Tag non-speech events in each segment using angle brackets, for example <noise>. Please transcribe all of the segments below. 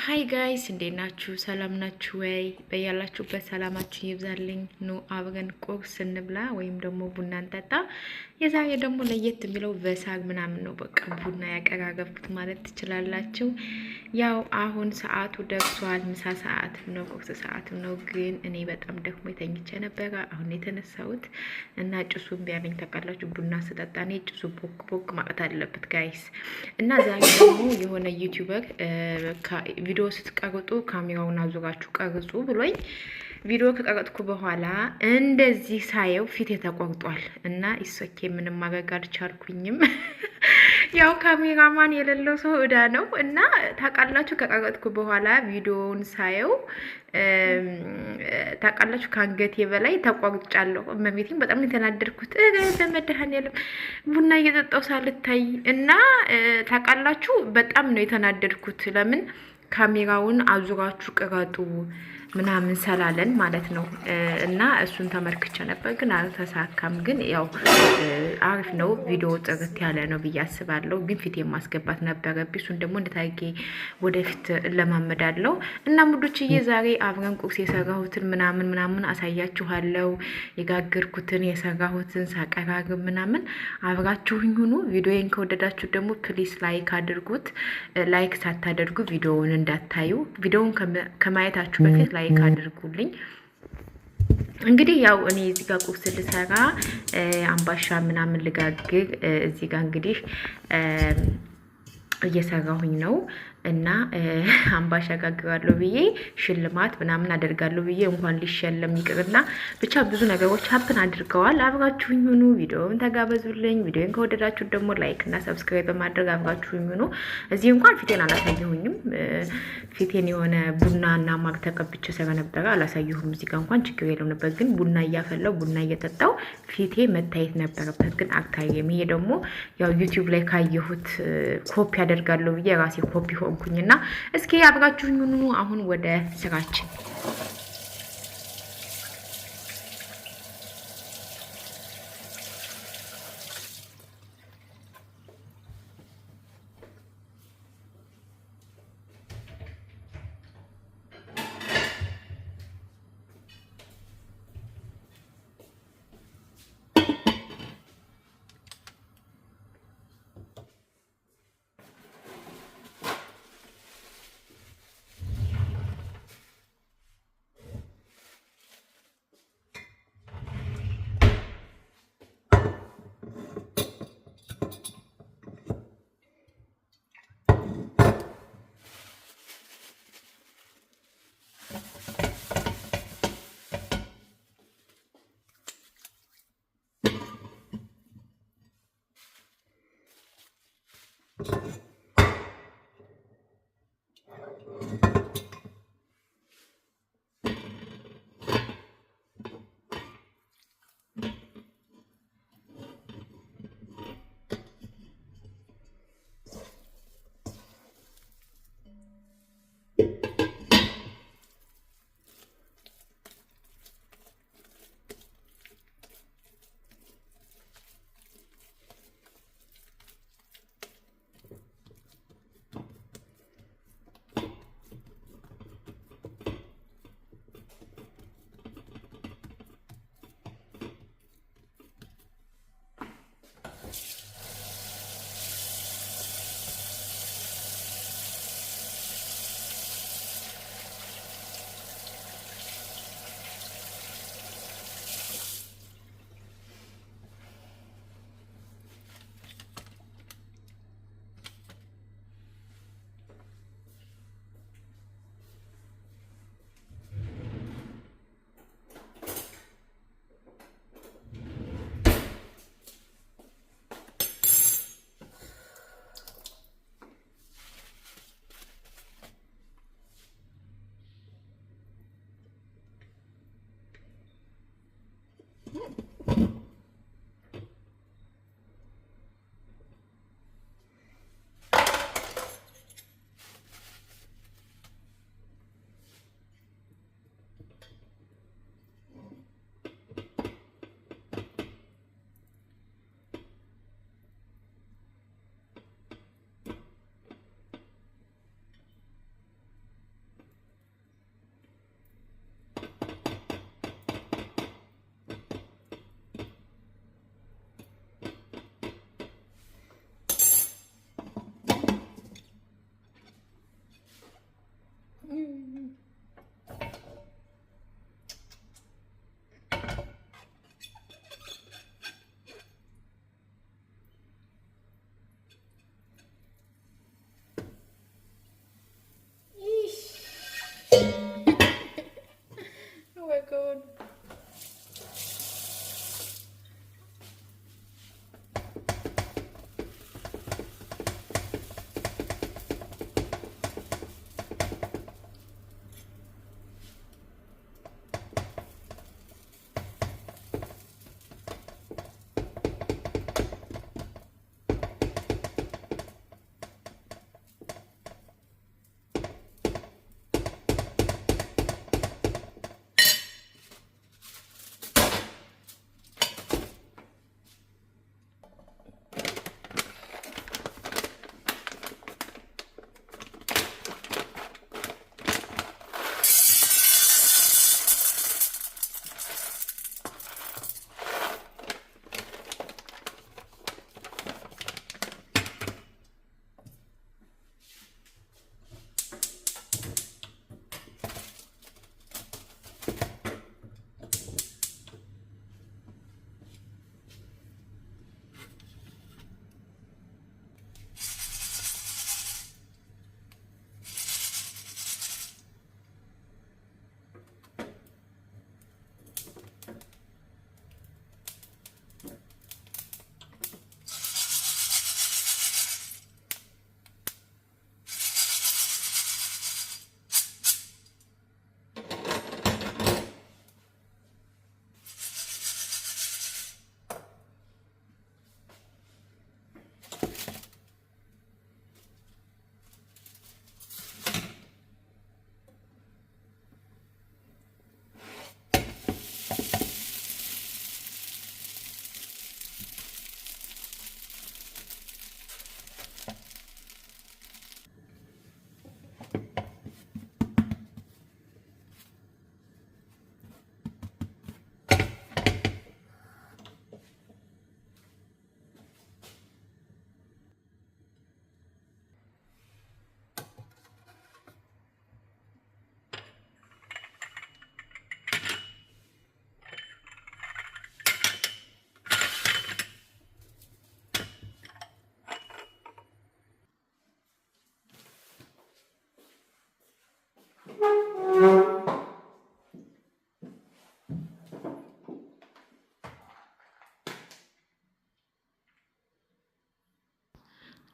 ሀይ ጋይስ እንዴት ናችሁ? ሰላም ናችሁ ወይ? በያላችሁበት ሰላማችሁ ይብዛልኝ። ኑ አብረን ቁርስ እንብላ ወይም ደግሞ ቡና እንጠጣ። የዛሬ ደግሞ ለየት የሚለው በሳግ ምናምን ነው። በቃ ቡና ያቀራረብኩት ማለት ትችላላችሁ። ያው አሁን ሰዓቱ ደርሷል። ምሳ ሰዓትም ነው፣ ቁርስ ሰዓትም ነው። ግን እኔ በጣም ደክሞ የተኝቼ ነበረ። አሁን የተነሳሁት እና ጭሱ ቢያለኝ አለኝ። ታውቃላችሁ፣ ቡና ስጠጣ እኔ ጭሱ ቦክ ቦክ ማለት አለበት ጋይስ። እና ዛሬ ደግሞ የሆነ ዩቲዩበር ቪዲዮ ስትቀርጡ ካሜራውን አዙራችሁ ቀርጹ ብሎኝ ቪዲዮ ከቀረጥኩ በኋላ እንደዚህ ሳየው ፊቴ ተቆርጧል እና ይሶኬ ምንም ማድረግ አልቻልኩኝም። <laughs> ያው ካሜራማን የሌለው ሰው እዳ ነው እና ታውቃላችሁ። ከቀረጥኩ በኋላ ቪዲዮውን ሳየው ታውቃላችሁ፣ ከአንገቴ በላይ ተቋርጫለሁ። እመቤቴን በጣም የተናደድኩት በመድኃኔዓለም ቡና እየጠጣሁ ሳልታይ እና ታውቃላችሁ፣ በጣም ነው የተናደድኩት ለምን ካሜራውን አዙራችሁ ቅረጡ ምናምን ሰላለን ማለት ነው እና እሱን ተመልክቼ ነበር፣ ግን አልተሳካም። ግን ያው አሪፍ ነው፣ ቪዲዮ ጥርት ያለ ነው ብዬ አስባለሁ። ግን ፊት የማስገባት ነበረብኝ። እሱን ደግሞ እንደታጌ ወደፊት እለማመዳለሁ። እና ሙዶችዬ ዛሬ አብረን ቁርስ የሰራሁትን ምናምን ምናምን አሳያችኋለሁ። የጋገርኩትን የሰራሁትን ሳቀራርብ ምናምን አብራችሁኝ ሁኑ። ቪዲዮን ከወደዳችሁ ደግሞ ፕሊስ ላይክ አድርጉት። ላይክ ሳታደርጉ ቪዲዮውን እንዳታዩ። ቪዲዮውን ከማየታችሁ በፊት ላይክ አድርጉልኝ። እንግዲህ ያው እኔ እዚህ ጋር ቁርስ ልሰራ አምባሻ ምናምን ልጋግር እዚህ ጋር እንግዲህ እየሰራሁኝ ነው እና <laughs> አምባሻ አጋግራለሁ ብዬ ሽልማት ምናምን አደርጋለሁ ብዬ እንኳን ሊሸለም ይቅርና ብቻ ብዙ ነገሮች ሀብን አድርገዋል። አብራችሁኝ ሁኑ፣ ቪዲዮውን ተጋበዙልኝ። ቪዲዮን ከወደዳችሁ ደግሞ ላይክ እና ሰብስክራይብ በማድረግ አብራችሁኝ ሁኑ። እዚህ እንኳን ፊቴን አላሳየሁኝም። ፊቴን የሆነ ቡና እና ማቅ ተቀብቼ ስለነበረ አላሳየሁም። እዚህ ጋር እንኳን ችግር የለው ነበር፣ ግን ቡና እያፈላው ቡና እየጠጣው ፊቴ መታየት ነበረበት፣ ግን አልታየም። ይሄ ደግሞ ያው ዩቲዩብ ላይ ካየሁት ኮፒ አደርጋለሁ ብዬ ራሴ ኮፒ ሆንኩኝና፣ እስኪ አብራችሁኝ አሁን ወደ ስራችን Thank you.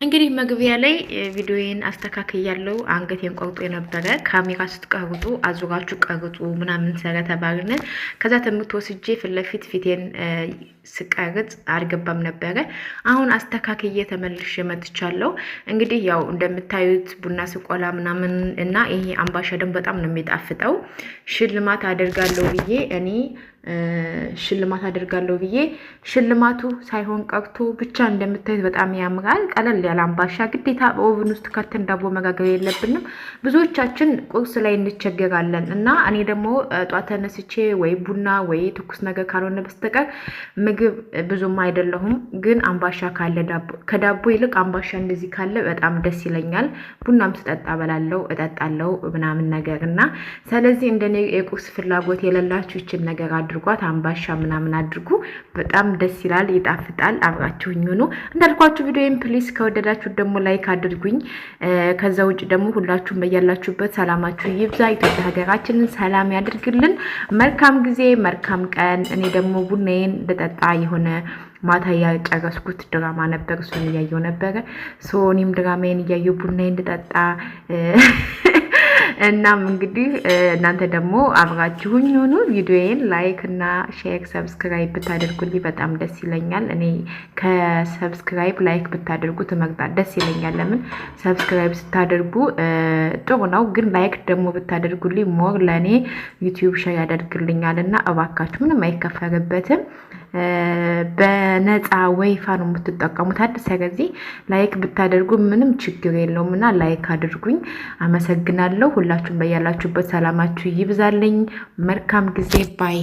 እንግዲህ መግቢያ ላይ ቪዲዮዬን አስተካክያለሁ። አንገቴን ቆርጦ የነበረ ካሜራ ስትቀርጡ አዙራችሁ ቀርጡ ምናምን ስለተባልን ከዛ ትምህርት ወስጄ ፊት ለፊት ፊቴን ስቀርጽ አልገባም ነበረ። አሁን አስተካክዬ ተመልሼ መጥቻለሁ። እንግዲህ ያው እንደምታዩት ቡና ስቆላ ምናምን እና ይሄ አምባሻ ደግሞ በጣም ነው የሚጣፍጠው። ሽልማት አደርጋለሁ ብዬ እኔ ሽልማት አድርጋለሁ ብዬ ሽልማቱ ሳይሆን ቀብቶ ብቻ እንደምታዩት በጣም ያምራል። ቀለል ያለ አምባሻ ግዴታ በኦቭን ውስጥ ከተን ዳቦ መጋገር የለብንም። ብዙዎቻችን ቁርስ ላይ እንቸገራለን እና እኔ ደግሞ ጧት ተነስቼ ወይ ቡና ወይ ትኩስ ነገር ካልሆነ በስተቀር ምግብ ብዙም አይደለሁም። ግን አምባሻ ካለ ከዳቦ ይልቅ አምባሻ እንደዚህ ካለ በጣም ደስ ይለኛል። ቡናም ስጠጣ በላለው እጠጣለው ምናምን ነገር እና ስለዚህ እንደኔ የቁርስ ፍላጎት የሌላችሁ ይችን ነገር አድርጉ አድርጓት፣ አምባሻ ምናምን አድርጉ። በጣም ደስ ይላል፣ ይጣፍጣል። አብራችሁኝ ሆኖ እንዳልኳችሁ ቪዲዮን ፕሊስ ከወደዳችሁ ደግሞ ላይክ አድርጉኝ። ከዛ ውጭ ደግሞ ሁላችሁም በያላችሁበት ሰላማችሁ ይብዛ። ኢትዮጵያ ሀገራችንን ሰላም ያድርግልን። መልካም ጊዜ፣ መልካም ቀን። እኔ ደግሞ ቡናዬን ልጠጣ የሆነ ማታ ያጨረስኩት ድራማ ነበር። እሱን እያየው ነበረ። ሶ እኔም ድራማዬን እያየው ቡናዬን ልጠጣ <laughs> እናም እንግዲህ እናንተ ደግሞ አብራችሁኝ ሆኑ ቪዲዮዬን ላይክ እና ሼር ሰብስክራይብ ብታደርጉልኝ በጣም ደስ ይለኛል። እኔ ከሰብስክራይብ ላይክ ብታደርጉ ትመርጣል ደስ ይለኛል። ለምን ሰብስክራይብ ስታደርጉ ጥሩ ነው፣ ግን ላይክ ደግሞ ብታደርጉልኝ ሞር ለእኔ ዩቲዩብ ሸር ያደርግልኛል እና እባካችሁ ምንም አይከፈርበትም። በነፃ ወይፋ ነው የምትጠቀሙት። አዲስ ከዚህ ላይክ ብታደርጉ ምንም ችግር የለውም እና ላይክ አድርጉኝ። አመሰግናለሁ። ሁላችሁም በያላችሁበት ሰላማችሁ ይብዛልኝ። መልካም ጊዜ ባይ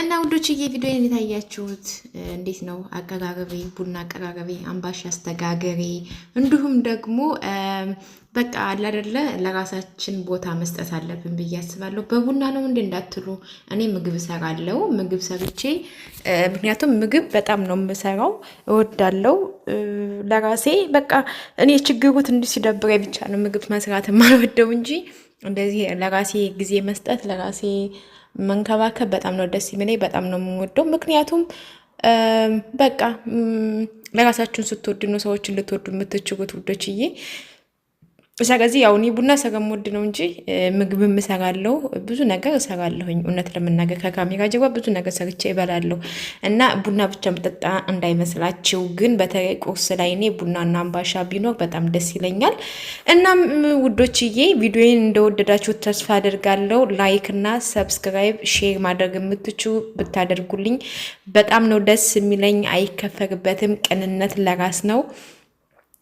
እና ውዶችዬ ቪዲዮ ታያችሁት እንዴት ነው? አቀራረቤ፣ ቡና አቀራረቤ፣ አምባሻ አስተጋገሬ እንዲሁም ደግሞ በቃ አላደለ ለራሳችን ቦታ መስጠት አለብን ብዬ አስባለሁ። በቡና ነው እንዴ እንዳትሉ፣ እኔ ምግብ እሰራለሁ። ምግብ ሰርቼ ምክንያቱም ምግብ በጣም ነው የምሰራው፣ እወዳለሁ። ለራሴ በቃ እኔ ችግሩ ትንሽ ሲደብረኝ ብቻ ነው ምግብ መስራት የማልወደው እንጂ እንደዚህ ለራሴ ጊዜ መስጠት ለራሴ መንከባከብ በጣም ነው ደስ የሚለኝ፣ በጣም ነው የምወደው። ምክንያቱም በቃ ለራሳችሁን ስትወድኑ ሰዎችን ልትወዱ የምትችሉት ውዶችዬ ስለዚህ ያው እኔ ቡና ሰገምወድ ነው እንጂ ምግብም እሰጋለሁ፣ ብዙ ነገር እሰጋለሁኝ። እውነት ለመናገር ከካሜራ ጀርባ ብዙ ነገር ሰርቼ እበላለሁ እና ቡና ብቻ መጠጣ እንዳይመስላችሁ። ግን በተለይ ቁርስ ላይ እኔ ቡናና አምባሻ ቢኖር በጣም ደስ ይለኛል። እናም ውዶችዬ ቪዲዮዬን እንደወደዳችሁ ተስፋ አደርጋለሁ። ላይክ እና ሰብስክራይብ፣ ሼር ማድረግ የምትችሉ ብታደርጉልኝ በጣም ነው ደስ የሚለኝ። አይከፈግበትም ቅንነት ለራስ ነው።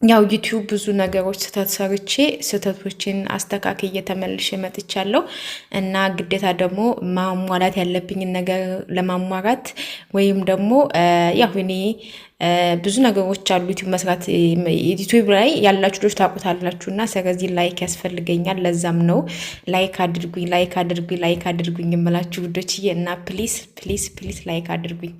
ያው ዩቲዩብ ብዙ ነገሮች ስህተት ሰርቼ ስህተቶችን አስተካክዬ ተመልሼ መጥቻለሁ እና ግዴታ ደግሞ ማሟላት ያለብኝን ነገር ለማሟራት ወይም ደግሞ ያው እኔ ብዙ ነገሮች አሉ ዩቲዩብ መስራት ዩቲዩብ ላይ ያላችሁ ልጆች ታውቁታላችሁ እና ስለዚህ ላይክ ያስፈልገኛል። ለዛም ነው ላይክ አድርጉኝ፣ ላይክ አድርጉኝ፣ ላይክ አድርጉኝ የምላችሁ ውዶችዬ እና ፕሊስ ፕሊስ ፕሊስ ላይክ አድርጉኝ።